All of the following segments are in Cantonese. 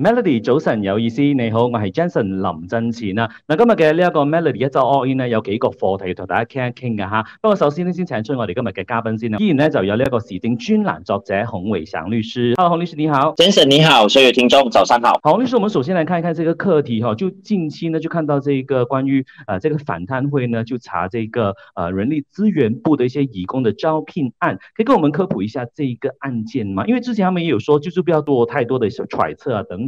Melody 早晨有意思，你好，我係 Jenson 林振前啦。嗱，今日嘅呢一個 Melody 一週 all in 咧，有幾個課題要同大家傾一傾嘅哈。不過首先呢，先請出我哋今日嘅嘉賓先啦。依然呢，就有呢一個時政專欄作者洪偉翔律師。Hello，洪律師你好，Jenson 你好，所有聽眾早上好。洪律師，我們首先嚟看一看呢個課題嚇，就近期呢，就看到呢個關於啊、呃、這個反貪會呢就查這個呃人力資源部的一些義工的招聘案，可以跟我們科普一下呢一個案件嗎？因為之前他們也有說，就是不要多太多的揣測啊等。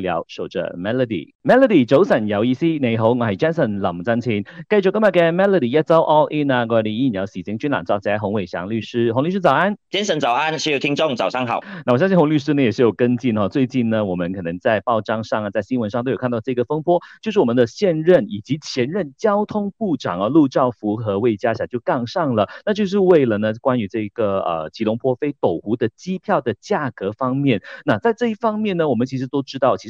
聊守着 melody，melody 早晨有意思，你好，我是 Jason 林振倩，繼續今日嘅 melody 一周 all in 啊，我哋依然有時政專欄作者洪偉祥律師，洪律師早安，Jason 早安，所有聽眾早上好。那我相信洪律師呢也是有跟進啊，最近呢，我們可能在報章上啊，在新聞上都有看到這個風波，就是我們的現任以及前任交通部長啊，陸兆福和魏家祥就槓上了，那就是為了呢關於這個呃，吉隆坡飛斗湖的機票的價格方面，那在這一方面呢，我們其實都知道，其實